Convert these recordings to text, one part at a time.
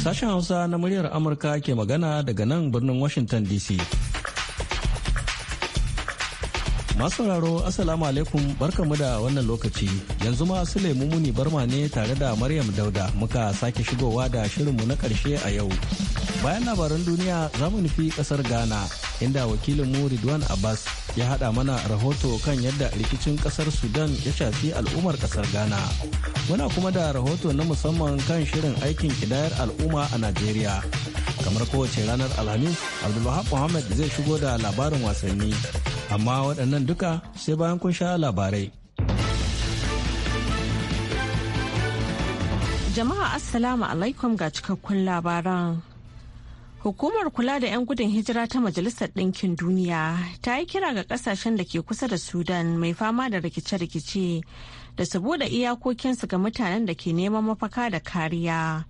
Sashen Hausa na muryar Amurka ke magana daga nan birnin Washington DC. Masu sauraro Assalamu alaikum barkamu da wannan lokaci yanzu ma Sulaimu Muni Barma ne tare da Maryam Dauda muka sake shigowa da shirinmu na karshe a yau bayan labaran duniya za mu nufi kasar ghana inda wakilinmu ridwan abbas ya hada mana rahoto kan yadda rikicin kasar sudan ya shafi al'ummar kasar ghana muna kuma da rahoto na musamman kan shirin aikin kidayar al'umma a najeriya kamar kowace ranar alhamis abdulwahab muhammad zai shigo da labarin wasanni amma waɗannan duka sai bayan kun sha labarai jama'a assalamu alaikum ga cikakkun labaran Hukumar kula da 'yan gudun hijira ta Majalisar Ɗinkin Duniya ta yi kira ga ƙasashen da ke kusa da Sudan mai fama da rikice-rikice da su buɗe iyakokinsu ga mutanen da ke neman mafaka da kariya.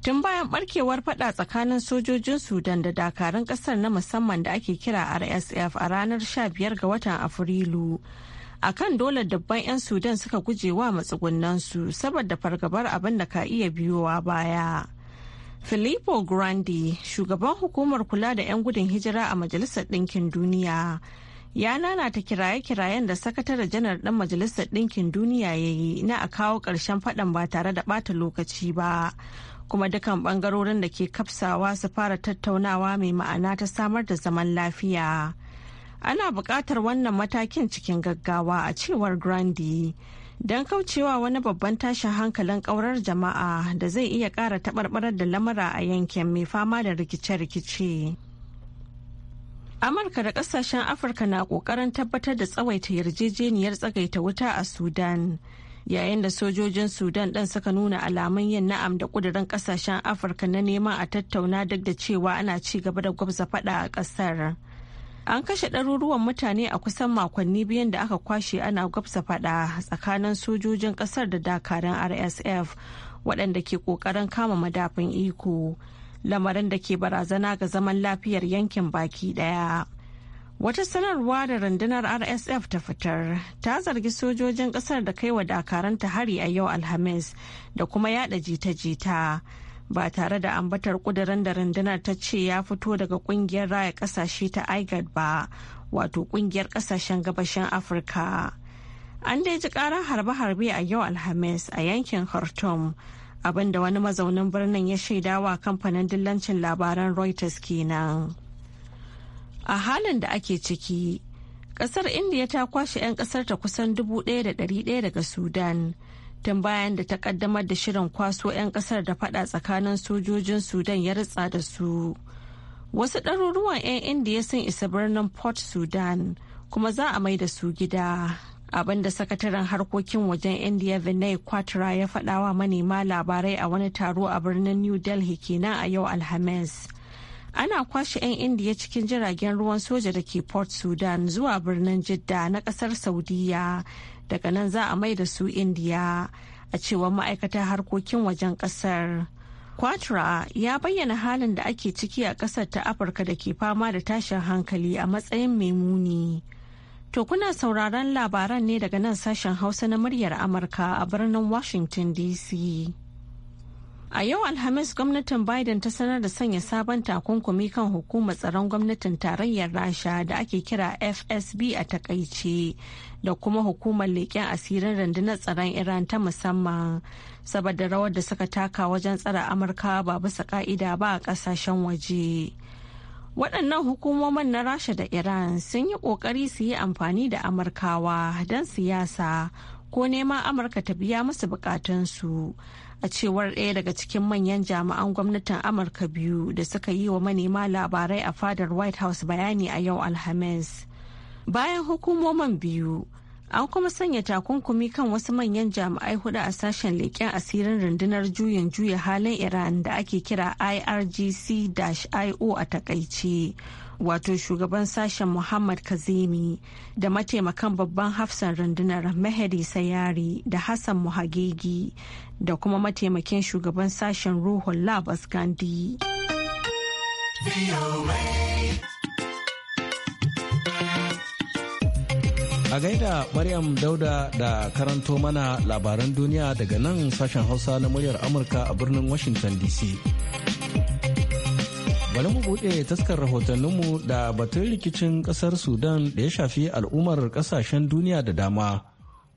Tun bayan ɓarkewar fada tsakanin sojojin Sudan da dakarun ƙasar na musamman da ake kira RSF a ranar 15 ga watan Afrilu. a kan dole dabban 'yan Sudan suka guje wa matsugunansu saboda fargabar abin da ka iya biyowa baya. filippo grandi shugaban hukumar kula da 'yan gudun hijira a majalisar ɗinkin duniya ya nana ta kiraye-kirayen da sakatare janar ɗan majalisar ɗinkin duniya ya yi na a kawo ƙarshen faɗan ba tare da ɓata lokaci ba kuma dukan ɓangarorin da ke kafsawa su fara tattaunawa mai ma'ana ta samar da zaman lafiya ana buƙatar wannan matakin cikin gaggawa a cewar grandi don kaucewa wani babban tashin hankalin kaurar jama'a da zai iya kara taɓarɓarar da lamura a yankin mai fama da rikice-rikice. amurka da kasashen afirka na kokarin tabbatar da tsawaita yarjejeniyar tsagaita wuta a sudan yayin da sojojin sudan ɗin suka nuna alamun yin na'am da ƙudurin kasashen afirka na neman a tattauna duk da cewa ana ci gaba da gwabza faɗa a ƙasar. An kashe ɗaruruwan mutane a kusan makonni biyan da aka kwashe ana gwabsa fada tsakanin sojojin ƙasar da dakarun RSF waɗanda ke ƙoƙarin kama madafin iko. Lamarin da ke barazana ga zaman lafiyar yankin baki ɗaya. Wata sanarwa da rundunar RSF ta fitar ta zargi sojojin ƙasar da kai wa dakaranta hari a yau Alhamis da kuma yada jita-jita ba tare da ambatar kudirin da rundunar ta ce ya fito daga kungiyar raya kasashe ta igad ba wato kungiyar kasashen gabashin afirka an dai ji karar harbe-harbe a yau alhamis a yankin khartoum abinda wani mazaunin birnin ya shaida wa kamfanin dillancin labaran reuters kenan a halin da ake ciki kasar indiya ta kwashe 'yan kasar ta kusan 1,100 daga sudan tun bayan da ta kaddamar da shirin kwaso 'yan kasar da fada tsakanin sojojin sudan ya ritsa da su wasu ɗaruruwan 'yan indiya sun isa birnin port sudan kuma za a mai da su gida abinda sakataren harkokin wajen indiya vinay kwatra ya wa manema labarai a wani taro a birnin new delhi kenan a yau alhamis ana kwashe 'yan indiya cikin jiragen ruwan soja da ke port sudan zuwa birnin jidda na kasar saudiya daga nan za a mai da su indiya a cewar ma'aikatar harkokin wajen kasar Quatra ya bayyana halin da ake ciki a ƙasar ta Afirka da ke fama da tashin hankali a matsayin mai muni. To kuna sauraron labaran ne daga nan sashen Hausa na muryar Amurka a birnin Washington DC. A yau Alhamis gwamnatin Biden ta sanar da sanya sabon takunkumi kan hukumar tsaron gwamnatin tarayyar Rasha da ake kira FSB a takaice da kuma hukumar leƙen asirin rundunar tsaron Iran ta musamman saboda rawar da suka taka wajen tsara Amurka ba bisa ka'ida ba a ƙasashen waje. waɗannan hukumomin na rasha da iran sun yi ƙoƙari su yi amfani da amurkawa don siyasa ko neman amurka ta biya musu bukatunsu a cewar ɗaya daga cikin manyan jami'an gwamnatin amurka biyu da suka yi wa manema labarai a fadar white house bayani a yau alhamis bayan hukumomin biyu an kuma sanya takunkumi kan wasu manyan jami'ai hudu a sashen leƙen asirin rundunar juyin juya halin iran da ake kira irgc-io a takaice wato shugaban sashen muhammad kazimi da mataimakan babban hafsan rundunar mehdi sayari da hassan muhagegi da kuma mataimakin shugaban sashen ruhun labas gandhi A gaida Maryam Dauda da karanto mana labaran duniya daga nan sashen Hausa na muryar Amurka a birnin Washington DC. bari mu buɗe taskar rahotanninmu da batun rikicin ƙasar sudan da ya shafi al'ummar ƙasashen duniya da dama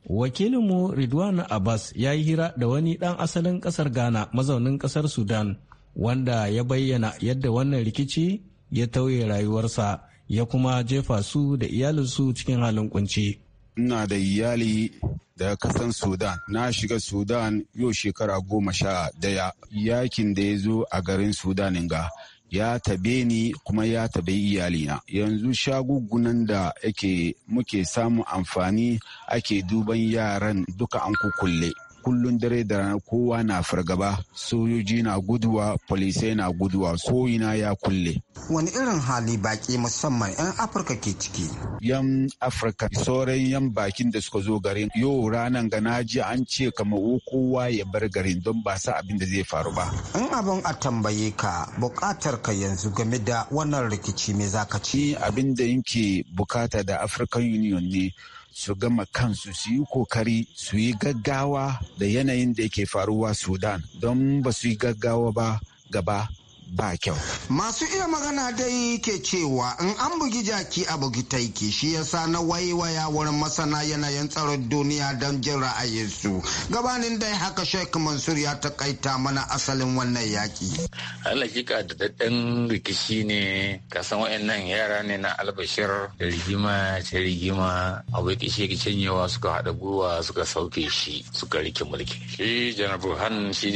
wakilinmu ridwan abbas ya yi hira da wani ɗan asalin ƙasar ghana mazaunin ƙasar sudan wanda ya bayyana yadda wannan rikici ya tauye rayuwarsa ya kuma jefa su da iyalinsu cikin halin kunci. Ina da iyali da kasan Sudan, na shiga Sudan yau shekara goma sha daya yakin da ya zo a garin Sudan ga ya tabe ni kuma ya tabe iyalina yanzu shagugunan da ake muke samun amfani ake duban yaran duka an kukulle kullun dare da rana kowa na fargaba sojoji na guduwa polisai na guduwa ko'ina ya kulle wani irin hali baki musamman 'yan afirka ke ciki yan afirka sauran yan bakin da suka zo garin yau ranan ga naji an ce kama kowa ya bar garin don ba sa abin da zai faru ba in abin a tambaye ka bukatar ka yanzu game da wannan rikici mai zaka ci abin da yake bukata da african union ne su gama kansu su yi kokari su yi gaggawa da yanayin da yake faruwa sudan don ba su yi gaggawa ba gaba ba kyau. Masu iya magana dai ke cewa in an bugi jaki a bugi taiki shi sa na waiwaya wurin masana yanayin tsaron duniya don jin ra'ayinsu. Gabanin dai haka Sheikh Mansur ya takaita mana asalin wannan yaki. Alhakika da daɗin rikici ne kasan wayannan yara ne na albashir da rigima ta rigima abu kishe ke canyewa suka haɗa gwiwa suka sauke shi suka rike mulki. Shi Janar Burhan shi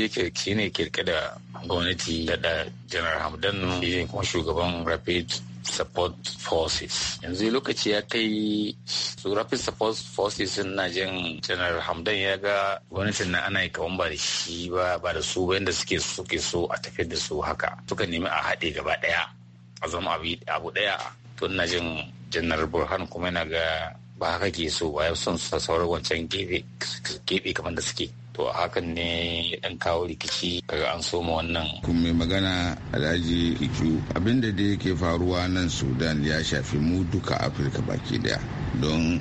ne ke da gwamnati da janar hamdan shi kuma shugaban rapid support forces yanzu lokaci ya kai su rapid support forces na jin janar hamdan ya ga gwamnatin na ana yi kawan ba da shi ba ba da su bayan da suke suke so a tafiyar da su haka suka nemi a haɗe gaba ɗaya a zama abu ɗaya Tun na jin janar burhan kuma yana ga ba haka ke so ba ya son su sauran wancan gefe kamar da suke to hakan ne dan kawo rikici kaga an soma wannan kun mai magana alhaji kiku abin da dai yake faruwa nan sudan ya shafi mu duka afirka baki daya don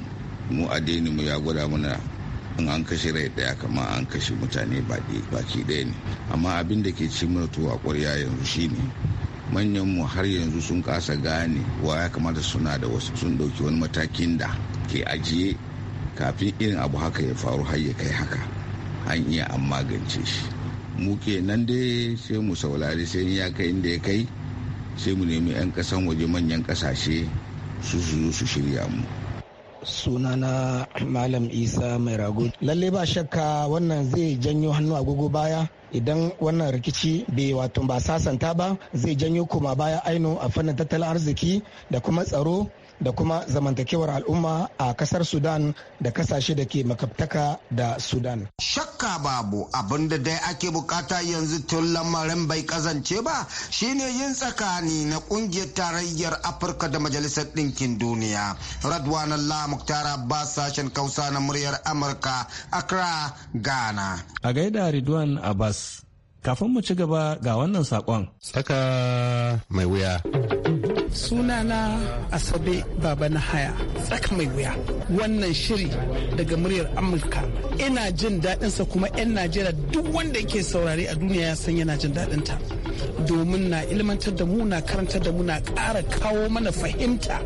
mu adini mu ya gwada mana in an kashe rai daya kama an kashe mutane baki daya ne amma abin da ke ci mana to a kwarya yanzu shine manyan mu har yanzu sun kasa gane wa ya kamata suna da wasu sun dauki wani matakin da ke ajiye kafin irin abu haka ya faru har ya kai haka an iya an magance shi mu nan dai sai mu saurari sai ya kai inda ya kai sai mu nemi 'yan kasan waje manyan kasashe su su su shirya mu sunana malam isa mai rago lalle ba shakka wannan zai janyo hannu agogo baya idan wannan rikici bai wato ba sasanta ba zai janyo koma baya aino a fannin tattalin arziki da kuma tsaro da kuma zamantakewar al'umma a kasar sudan da kasashe da ke makabtaka da sudan shakka babu abin da dai ake bukata yanzu tun lamarin bai kazance ba shine yin tsakani na kungiyar tarayyar afirka da majalisar ɗinkin duniya radwanan lamuktara muktar ba sashen kausa na muryar amurka accra ghana a gaida ridwan abbas kafin mu ci gaba ga wannan saƙon. Saka mai wuya. sunana asabe baba na haya tsak mai wuya wannan shiri daga muryar amurka ina jin daɗinsa kuma 'yan najeriya duk wanda yake saurare a duniya ya san yana jin daɗinta domin na ilmantar da mu na karantar da mu na ƙara kawo mana fahimta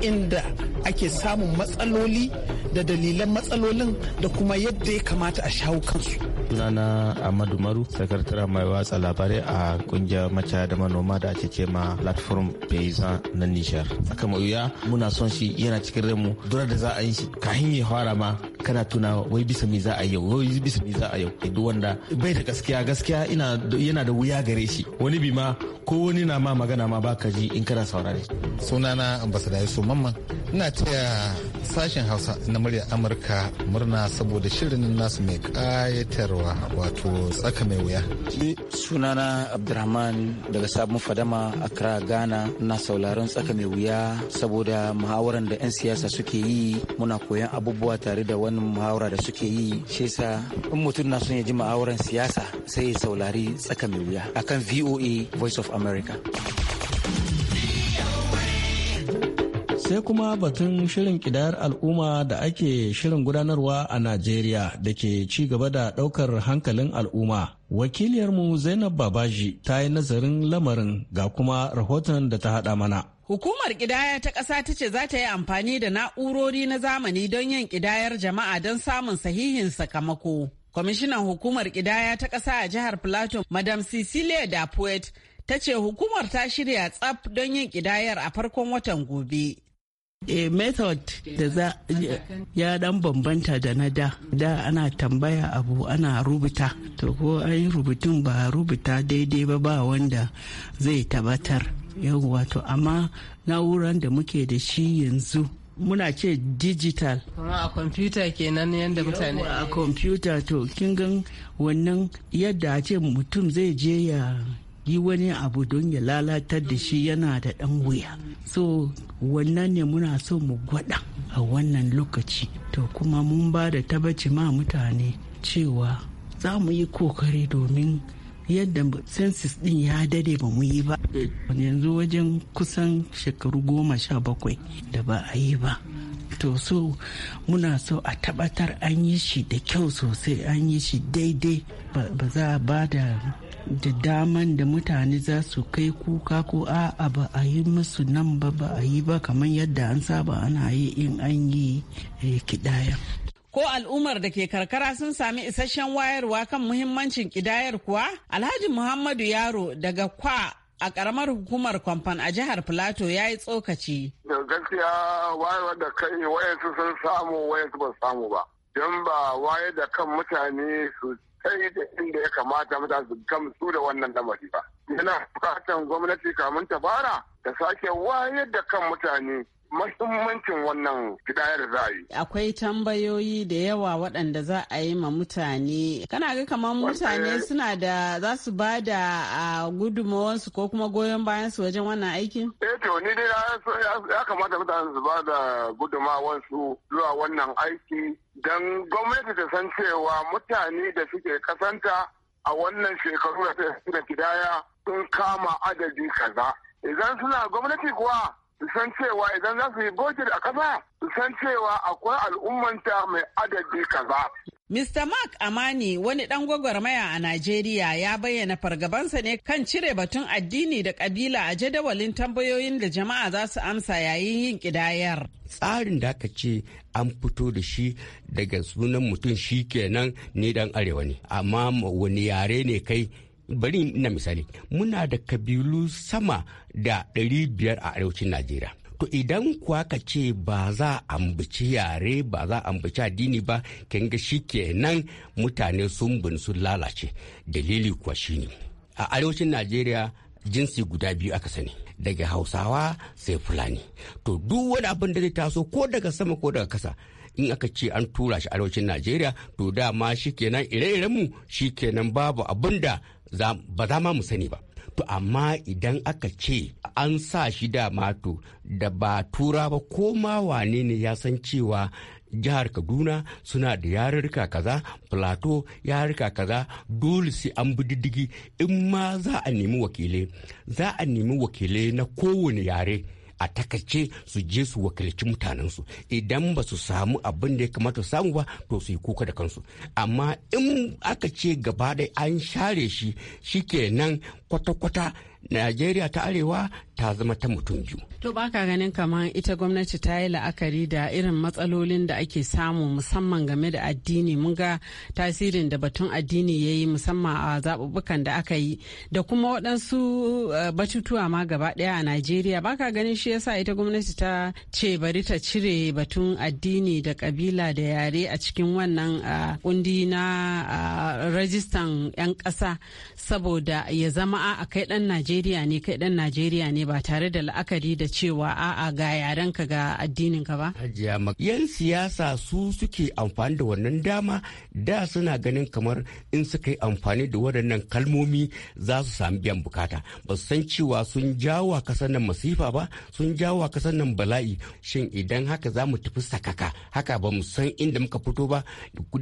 inda ake samun matsaloli da dalilan matsalolin da kuma yadda ya kamata a shawo kansu sunana Ahmadu Maru, sakataren mai watsa labarai a kungiyar macaya da manoma da ake ce ma platform paysan na Nijar. Aka mai muna son shi yana cikin mu Dura da za a yi shi kahin ya fara ma kana tuna wai bisa me za a yau wai bisa me za a yau duk wanda bai da gaskiya gaskiya ina yana da wuya gare shi wani bi ma ko wani na ma magana ma baka ji in kana saurare. Sunana ambassador Yusuf Mamman ina taya sashen hausa na murya amurka murna saboda shirin nasu mai kayatarwa wato tsaka mai wuya sunana abdurrahman daga sabon fadama a accra ghana na sauraron tsaka mai wuya saboda muhawaran da 'yan siyasa suke yi muna koyan abubuwa tare da wani muhawara da suke yi shesa in mutum na son ya ji muhawaran siyasa sai ya saurari tsaka mai wuya akan voa voice of america sai kuma batun shirin kidayar al'umma da ake shirin gudanarwa a najeriya da ke ci gaba da daukar hankalin al'umma wakiliyar mu zainab babaji ta yi nazarin lamarin ga kuma rahoton da ta hada mana Hukumar ƙidaya ta ƙasa ta ce za ta yi amfani da na'urori na zamani don yin ƙidayar jama'a don samun sahihin sakamako. Kwamishinan hukumar ƙidaya ta ƙasa a jihar Plateau, Madam Cecilia Dapuet, ta ce hukumar ta shirya tsaf don yin ƙidayar a farkon watan gobe. a eh, method da za ya dan bambanta da na da da ana tambaya abu ana rubuta to ko an yi rubutun ba rubuta daidai ba ba wanda zai tabbatar yawwa to amma na'uran da muke da shi yanzu muna ce digital kuma a computer kenan yadda mutane a computer to kin gan wannan yadda a ce mutum zai je ya yi wani abu don ya lalatar da shi yana da ɗan wuya so wannan ne muna so mu gwada a wannan lokaci to kuma mun ba da tabbaci ma mutane cewa za mu yi kokari domin yadda census din ya dade ba mu yi ba yanzu wajen kusan shekaru goma sha bakwai da ba a yi ba to so muna so a tabbatar an yi shi da kyau sosai an yi shi daidai ba za a ba da da daman da mutane za su kai kuka ko a'a ba a yi musu nan ba ba a yi ba kamar yadda an saba ana yi in an yi eh, kidaya. ko al'ummar da ke karkara sun sami isasshen wayarwa kan muhimmancin kidayar kuwa alhaji muhammadu yaro daga kwa a karamar hukumar kwamfan a jihar filato ya yi tsokaci da gaskiya wayarwa da kai wayansu sun samu wayansu ba samu ba don ba wayar da kan mutane su sai da inda ya kamata mutane su gamsu da wannan lamari ba. Yana bukatan gwamnati kamun ta fara ta sake wayar da kan mutane mahimmancin wannan gidaya da za a yi. Akwai tambayoyi da yawa waɗanda za a yi ma mutane. Kana ga kamar mutane suna da za su ba da gudunmawarsu ko kuma goyon bayan su wajen wannan aikin? Eh to ni dai ya kamata mutane su ba da gudunmawarsu zuwa wannan aiki don gwamnati ta san cewa mutane da suke kasanta a wannan shekaru da kidaya sun kama adadi kaza. Idan suna gwamnati kuwa san cewa idan za su yi bojir a kasa su san cewa akwai al'ummanta mai adadi kaza. Mr. Mark Amani wani ɗan gwagwarmaya a Najeriya ya bayyana fargabansa ne kan cire batun addini da ƙabila a jadawalin tambayoyin da jama'a za su amsa yayin yin ƙidayar. Tsarin da aka ce an fito da shi daga sunan mutum shi kenan ne dan arewa ne, amma wani yare ne kai bari na misali muna da kabilu sama da 500 a arewacin najeriya to idan kuwa ka ce ba za a ambaci yare ba za a ambaci addini ba kin ga kenan mutane sun bin sun lalace dalili kuwa shine a arewacin najeriya jinsi guda biyu aka sani daga hausawa sai fulani to duk wani abin da zai taso ko daga sama ko daga kasa in aka ce an tura shi arewacin najeriya to dama shikenan ire-irenmu shikenan babu abin da ba za ma mu sani ba to amma idan aka ce an sa shi da mato da ba tura ba ko ma wane ne ya san cewa jihar kaduna suna da yarurka kaza plateau yarurka kaza dole sai an bi diddigi in ma za a nemi wakilai za a nemi wakilai na kowane yare a takace su je su wakilci mutanensu idan ba su samu abin da ya kamata samu ba to su yi kuka da kansu amma in aka ce gaba an share shi shikenan kwata-kwata Najeriya ta Arewa ta zama ta mutum biyu. To baka ganin kamar ita gwamnati ta yi la'akari da irin matsalolin da ake samu musamman game da addini mun ga tasirin da batun addini ya yi musamman a zaɓuɓɓukan da aka yi da kuma waɗansu eh, batutuwa ma gaba ɗaya a Najeriya baka ganin shi yasa ita gwamnati ta ce bari ta cire batun addini da kabila da yare a cikin wannan eh, kundi na eh, rajistan 'yan ƙasa saboda ya zama a kai ɗan Najeriya ne kai ɗan Najeriya ne ba tare da la'akari da cewa a'a ga ka ga addinin ka ba? yan siyasa su suke amfani da wannan dama da suna ganin kamar in suka yi amfani da waɗannan kalmomi za su sami biyan bukata. Ba su san cewa sun jawo kasan nan masifa ba, sun jawo kasan nan bala'i. Shin idan haka za mu tafi sakaka, haka ba mu san inda muka fito ba,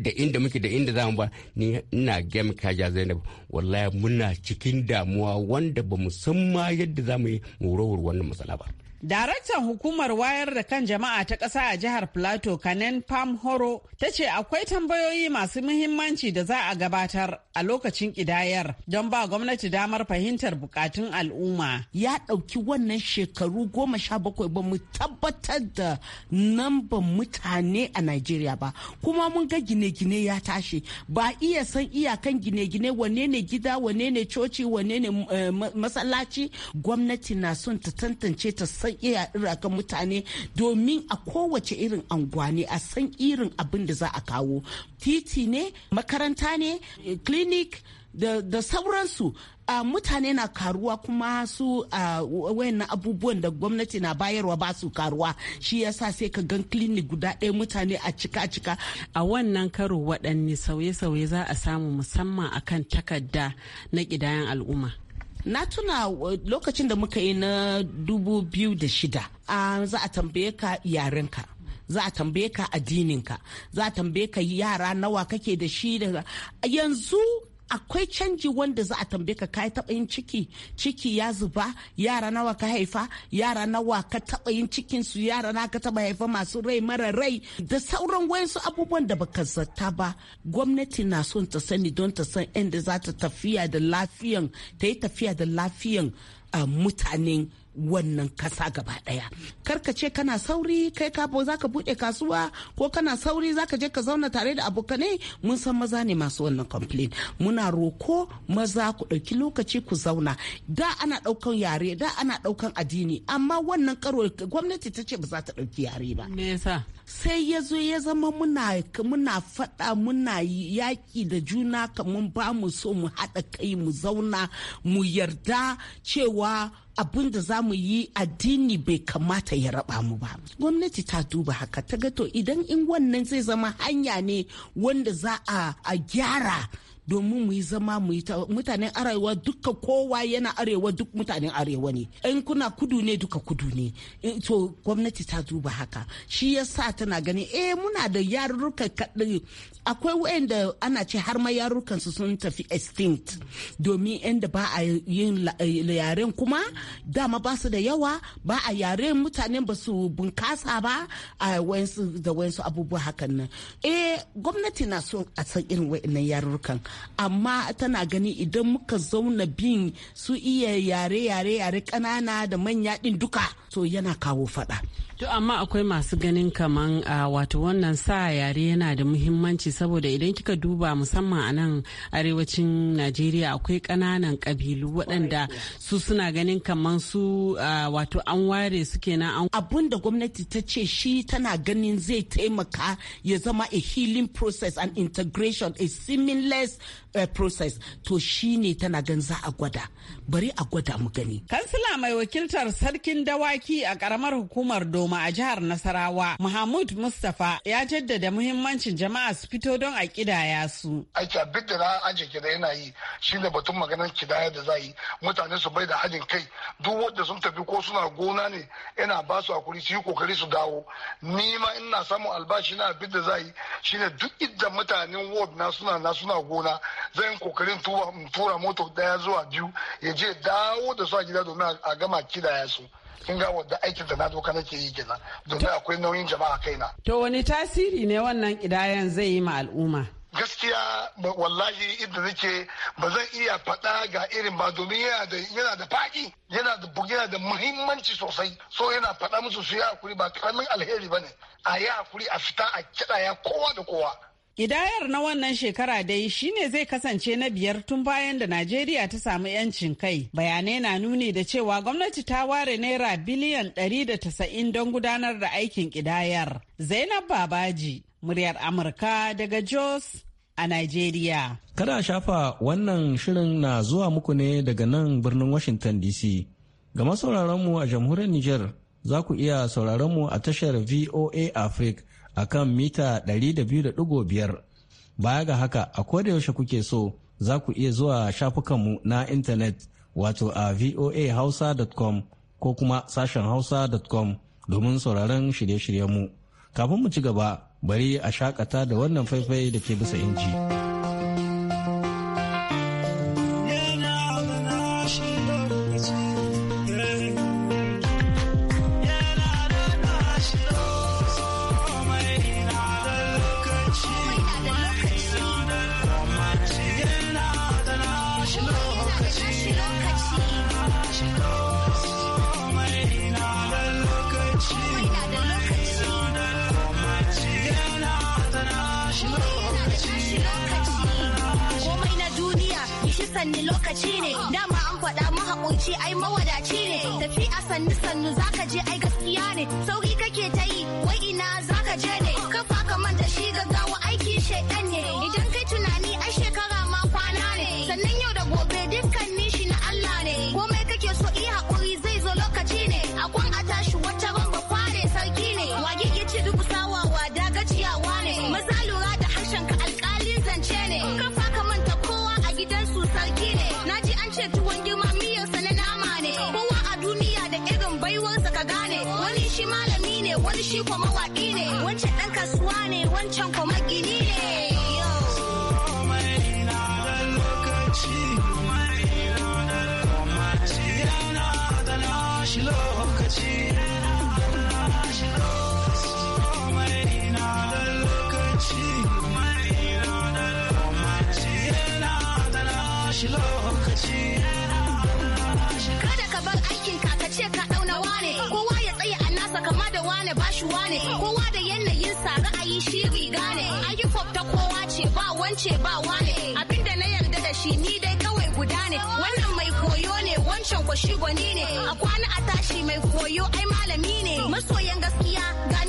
da inda muke da inda za mu ba, ni ina gaya maka Zainab, wallahi muna cikin damuwa wanda ba mu san ma yadda za mu yi warware wannan matsala ba. Daraktan hukumar wayar da kan jama'a ta ƙasa a jihar Plateau Kanen Pam Horo ta ce akwai tambayoyi masu muhimmanci da za a gabatar a lokacin ƙidayar don ba gwamnati damar fahimtar bukatun al'umma. Ya ɗauki wannan shekaru goma sha bakwai ba mu tabbatar da namban mutane a Najeriya ba. Kuma mun ga gine-gine ya tashi ba iya san iyakan gine-gine wane ne gida wane ne coci wane ne eh, masallaci gwamnati na son ta tantance ta san iya irakan mutane domin a kowace irin anguwa a san irin abin da za a kawo. Titi ne, makaranta ne, eh, clinic da, sauransu uh, mutane na karuwa kuma su uh, wayannan abubuwan da gwamnati na bayarwa ba su karuwa shi yasa sai ka gan clinic guda ɗaya mutane a cika cika a wannan karo waɗanne sauye-sauye za a samu musamman a kan takarda na ƙidayen al'umma na tuna lokacin da muka yi na dubu da shida uh, za a tambaye ka yarenka za a tambaye ka addininka za a tambaye ka yara nawa kake da shi daga yanzu akwai canji wanda za a tambaye ka kai taba yin ciki ciki ya zuba yara nawa ka haifa yara nawa ka taɓa yin cikin su yara na ka taɓa haifa masu rai mara rai da sauran wayansu abubuwan da baka zata ba gwamnati na son ta sani don ta san inda za ta tafiya da lafiyan ta yi tafiya da lafiyan ah, mutanen wannan kasa gaba daya karka ce kana sauri kai kabo za ka bude kasuwa ko kana sauri za ka je ka zauna tare da abokanai mun san maza ne masu wannan complain muna roko maza ku ɗauki lokaci ku zauna da ana ɗaukan yare da ana ɗaukan addini amma wannan karo gwamnati ta ce ba za ta ɗauki yare ba me sai ya zo ya zama muna muna faɗa muna yaƙi da juna kamar ba mu so mu haɗa kai mu zauna mu yarda cewa abin da za mu yi addini bai kamata ya raba mu ba gwamnati ta duba haka ta gato to idan in wannan zai zama hanya ne wanda za a gyara domin mu yi zama mu yi mutanen arewa duka kowa yana arewa duk mutanen arewa ne in kuna kudu ne duka kudu ne to gwamnati ta duba haka shi yasa tana gani eh muna da yarurruka kaɗai akwai da ana ce har ma yarurrukan su sun tafi extinct domin inda ba a yin eh, yaren kuma dama ba su da yawa ba a yaren mutanen ba su bunkasa ba a wayansu da wayansu abubuwa hakan nan eh gwamnati na so a san irin wayannan yarurrukan amma tana gani idan muka zauna bin su iya yare yare yare ƙanana da manya ɗin duka to yana kawo faɗa To amma akwai masu ganin kaman uh, wato wannan sa yare yana da muhimmanci saboda idan kika duba musamman a nan arewacin Najeriya akwai kananan kabilu waɗanda su suna ganin kaman su uh, wato an ware su kenan an. Abun da gwamnati ta ce shi tana ganin zai taimaka ya zama a healing process and integration a seamless eh, process to shi ne tana gan za a gwada bari a gwada mu gani. Kansila mai wakiltar sarkin dawaki a karamar hukumar do. goma a jihar Nasarawa Muhammad Mustapha ya jaddada muhimmancin jama'a su fito don a kidaya su. Aiki abin da na aje kida yana yi shi ne batun maganar kidaya da za yi mutane su bai da hajin kai duk wanda sun tafi ko suna gona ne yana ba su hakuri su yi kokari su dawo ni ma ina samun albashi na abin da za yi shine duk inda mutanen ward na suna na suna gona zan kokarin tura moto daya zuwa biyu ya je dawo da su a gida domin a gama kidaya su. kin ga wanda aikin da na doka nake yi kenan domin akwai nauyin jama'a kaina to wani tasiri ne wannan kidayan zai yi ma al'umma gaskiya wallahi inda nake ba zan iya faɗa ga irin ba domin yana da faɗi yana da yana da muhimmanci sosai so yana faɗa musu su yi hakuri ba karamin alheri bane a yi hakuri a fita a kiɗaya kowa da kowa Ƙidayar na wannan shekara dai shine zai kasance na biyar tun bayan da Najeriya ta samu 'yancin kai. Bayanai na nuni da cewa gwamnati ta ware naira biliyan ɗari da 190 don gudanar da aikin ƙidayar. Zainab Babaji, muryar Amurka daga Jos a Najeriya. Kada shafa wannan shirin na zuwa muku ne daga nan birnin Washington DC. Ga masauraranmu a jamhuriyar Nijar za ku iya sauraronmu a tashar VOA Africa. a kan mita 200.5 baya ga haka a yaushe kuke so za ku iya zuwa shafukanmu na intanet wato a voahausa.com ko kuma sashen hausa.com domin sauraron shirye-shiryenmu kafin mu ci gaba bari a shakata da wannan faifai da ke bisa inji. sannan yau da gobe dukkanin shi na Allah ne. ce ba wane da na yarda da shi ni dai kawai guda ne wannan mai koyo ne wancan kwashi gwani ne a kwana a tashi mai koyo ai malami ne masoyan gaskiya ga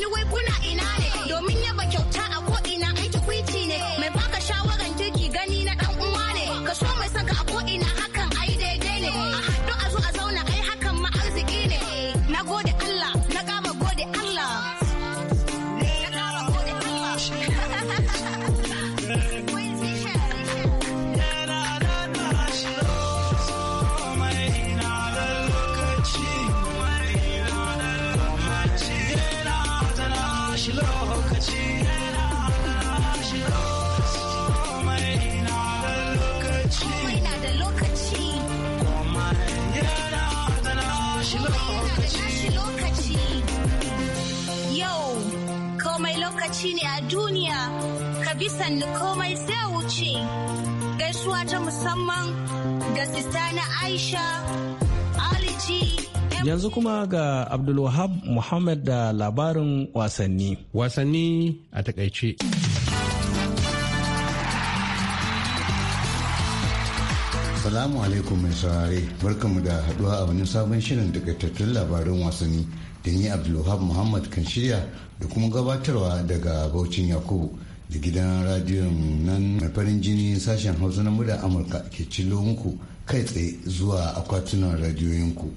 komai lokaci ne a duniya ka bi komai sai wuce gaisuwa ta musamman ga na aisha aliji yanzu kuma ga abdulwahab muhammad da labarin wasanni wasanni a takaice Salamu alaikum mai saurare barkamu da haduwa a wani sabon shirin takaitattun labarin wasanni da ni Abdulwahab Muhammad kan shirya da kuma gabatarwa daga Baucin Yakubu da gidan radiyon nan mai farin jini sashen Hausa na muda Amurka ke cilo muku kai tsaye zuwa akwatunan radiyoyinku.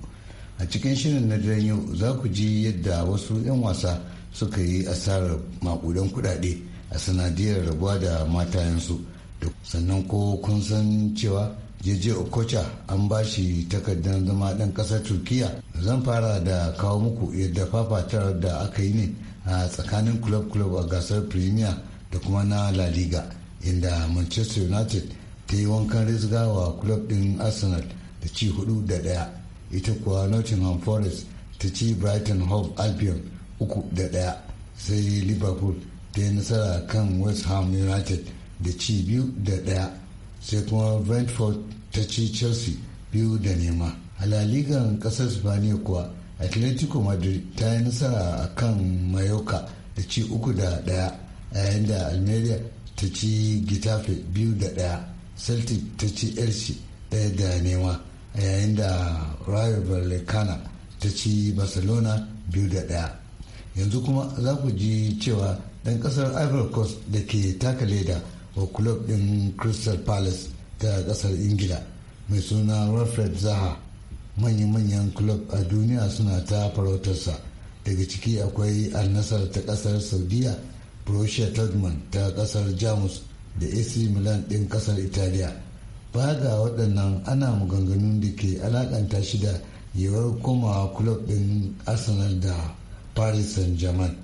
A cikin shirin na daren yau za ku ji yadda wasu 'yan wasa suka yi asarar makudan kudade a sanadiyar rabuwa da matayensu. Sannan ko kun san cewa jeje okocha an ba shi takardar zama ɗan ƙasar turkiya zan fara da kawo muku yadda fafatar da aka yi ne a tsakanin club club a gasar premier da kuma na la liga inda manchester united ta yi wankan rizga wa club din arsenal da ci hudu da daya ita kuwa nottingham forest ta ci brighton hove albion uku da daya sai liverpool ta yi nasara kan west ham united da ci biyu da daya sai kuma brentford ta ci chelsea biyu da nema a la ligan kasar spaniya kuwa atletico madrid ta yi nasara a kan mayoka da ci uku da daya yayin da almeria ta ci gitafe biyu da daya celtic ta ci elche daya da nema a yayin da rayo vallecano ta ci barcelona biyu da daya yanzu kuma za ku ji cewa dan kasar ivory coast da ke taka leda wa club din crystal palace ta kasar ingila mai suna wilfred zaha manya-manyan club a duniya suna ta farautarsa daga ciki akwai alnasar ta kasar saudiya borussia dortmund ta kasar jamus da ac milan din kasar italiya ba ga waɗannan ana maganganun da ke alakanta shi da yawar komawa club din arsenal da paris saint-germain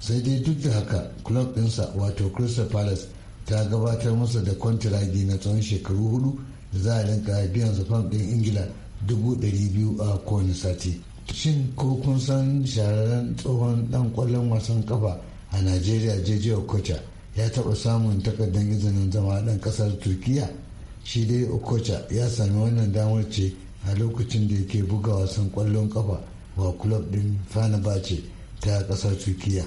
sai dai duk da haka club ɗinsa wato crystal palace ta gabatar masa da kwantiragi na tsawon shekaru hudu da za a rinka biyan zafan ɗin ingila dubu ɗari biyu a kowane sati shin ko kun san shahararren tsohon dan kwallon wasan kafa a najeriya jeje okocha ya taɓa samun takardar izinin zama ɗan ƙasar turkiya shi dai okocha ya sami wannan damar ce a lokacin da yake buga wasan kwallon kafa wa kulob ɗin fanabace ta ƙasar turkiya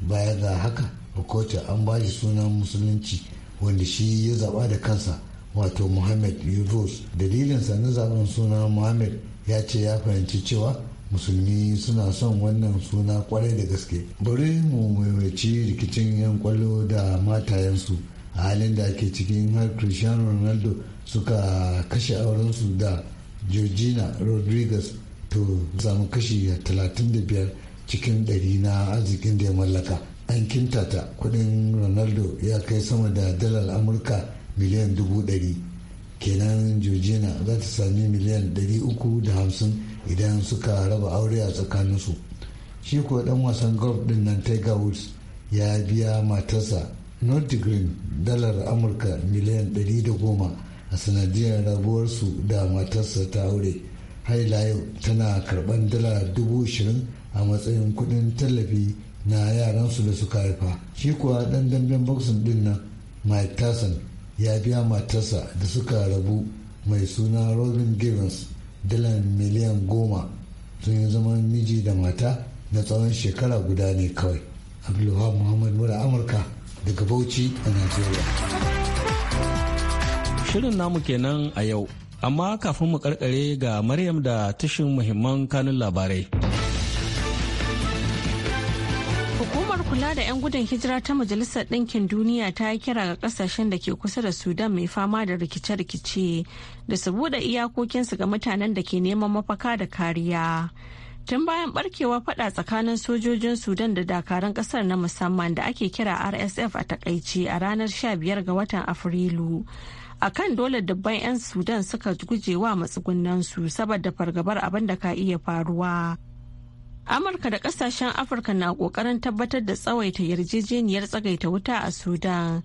baya ga haka okocha an ba shi sunan musulunci wanda shi ya zaba da kansa wato muhammad yunus dalilinsa na zaɓen suna muhammad ya ce ya fahimci cewa musulmi suna son wannan suna kwarai da gaske bari mu maimaci rikicin yan kwallo da matayensu a halin da ake cikin har cristiano ronaldo suka kashe aurensu da georgina rodriguez to samu kashi 35 cikin 100 na arzikin da ya mallaka an kintata kudin ronaldo ya kai sama da dalar amurka miliyan dubu ɗari kenan georgina za ta sami miliyan ɗari uku da hamsin idan suka raba aure a tsakaninsu shi kuwa ɗan wasan golf din nan tiger woods ya biya matarsa north green dalar amurka miliyan da goma a sanadiyar rabuwarsu da matarsa ta aure haila tana karɓar dala dubu ashirin a matsayin kuɗin tallafi na yaransu da suka haifa shi kuwa dan damben boxing din nan mike tyson ya biya matarsa da suka rabu mai suna robin givens dalar miliyan goma sun yi zaman miji da mata na tsawon shekara guda ne kawai abdulwahab muhammad mura amurka daga bauchi a nigeria shirin namu kenan a yau amma kafin mu karkare ga maryam da tashin muhimman kanun labarai kula da 'yan gudun hijira ta Majalisar Ɗinkin Duniya ta yi kira ga ƙasashen da ke kusa da Sudan mai fama da rikice-rikice da su buɗe iyakokinsu ga mutanen da ke neman mafaka da kariya. Tun bayan barkewa fada tsakanin sojojin Sudan da dakarun ƙasar na musamman da ake kira RSF a takaici a ranar 15 ga watan Afrilu. akan dole dubban 'yan sudan suka guje wa matsugunansu saboda fargabar abin da ka iya faruwa amurka da kasashen afirka na kokarin tabbatar da tsawaita yarjejeniyar tsagaita wuta a sudan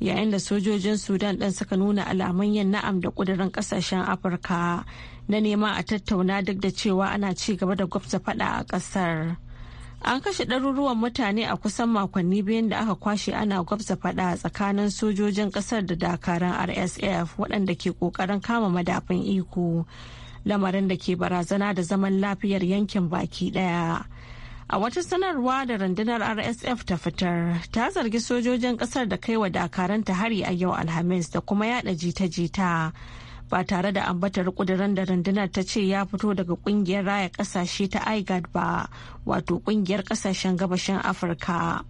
yayin da sojojin sudan ɗin suka nuna alamun yin na'am da ƙudurin ƙasashen afirka na nema a tattauna duk da cewa ana ci gaba da gwabza faɗa a ƙasar an kashe ɗaruruwan mutane a kusan makonni biyun da aka kwashe ana gwabza faɗa tsakanin sojojin ƙasar da dakaran rsf waɗanda ke ƙoƙarin kama madafin iko lamarin da ke barazana da zaman lafiyar yankin baki daya. A wata sanarwa da rundunar RSF ta fitar, ta zargi sojojin kasar da kai wa dakaranta hari a yau Alhamis da kuma yada jita-jita. Ba tare da ambatar kuduran da rundunar ta ce ya fito daga kungiyar raya kasashe ta IGAD ba, wato kungiyar kasashen gabashin Afirka.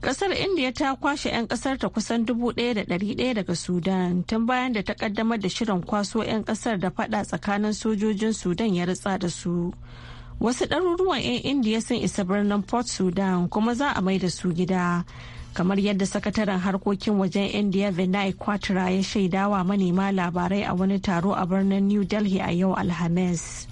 Kasar India ta kwashe 'yan kasar ta kusan 1,100 daga Sudan tun bayan da ta kaddamar da shirin kwaso 'yan kasar da fada tsakanin sojojin Sudan ya ritsa da su. Wasu ɗaruruwan 'yan india sun isa birnin Port Sudan kuma za a mai da su gida. Kamar yadda sakataren harkokin wajen india Vinay Quatra ya shaidawa manema labarai a wani taro a birnin New Delhi a yau Alhamis.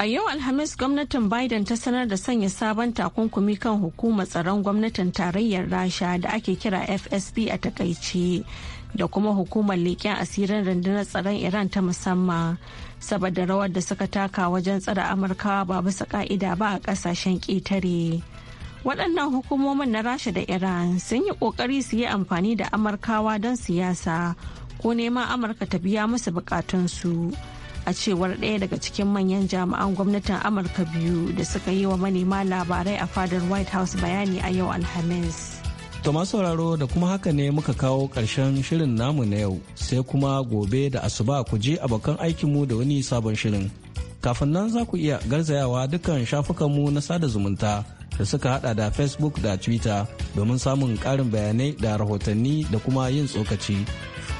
A yau Alhamis gwamnatin Biden ta sanar da sanya sabon takunkumi kan hukumar tsaron gwamnatin tarayyar Rasha da ake kira FSB a takaice da kuma hukumar leƙen asirin rundunar tsaron Iran ta musamman saboda rawar da suka taka wajen tsare Amurkawa ba bisa ka'ida ba a ƙasashen ƙetare. Waɗannan hukumomin na Rasha da Iran sun yi ƙoƙari su yi amfani da Amurkawa don siyasa ko neman Amurka ta biya musu buƙatunsu. su. a cewar ɗaya daga cikin manyan jami'an gwamnatin amurka biyu da suka yi wa manema labarai a fadar white house bayani a yau alhamis to masu sauraro da kuma haka ne muka kawo ƙarshen shirin namu na yau sai kuma gobe da asuba ku je abokan aikinmu da wani sabon shirin kafin nan za ku iya garzayawa dukkan shafukanmu na sada zumunta da suka hada da facebook da twitter domin samun ƙarin bayanai da rahotanni da kuma yin tsokaci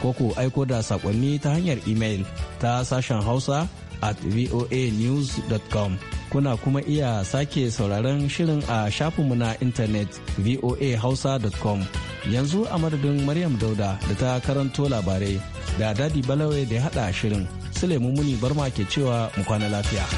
ko ku aiko da saƙonni ta hanyar imel ta sashen hausa at voanews.com kuna kuma iya sake sauraron shirin a shafinmu na intanet voahausa.com yanzu a madadin maryam dauda da ta karanto labarai da dadi balawai da ya hada shirin sulaimu muni barma ke cewa mu kwana lafiya.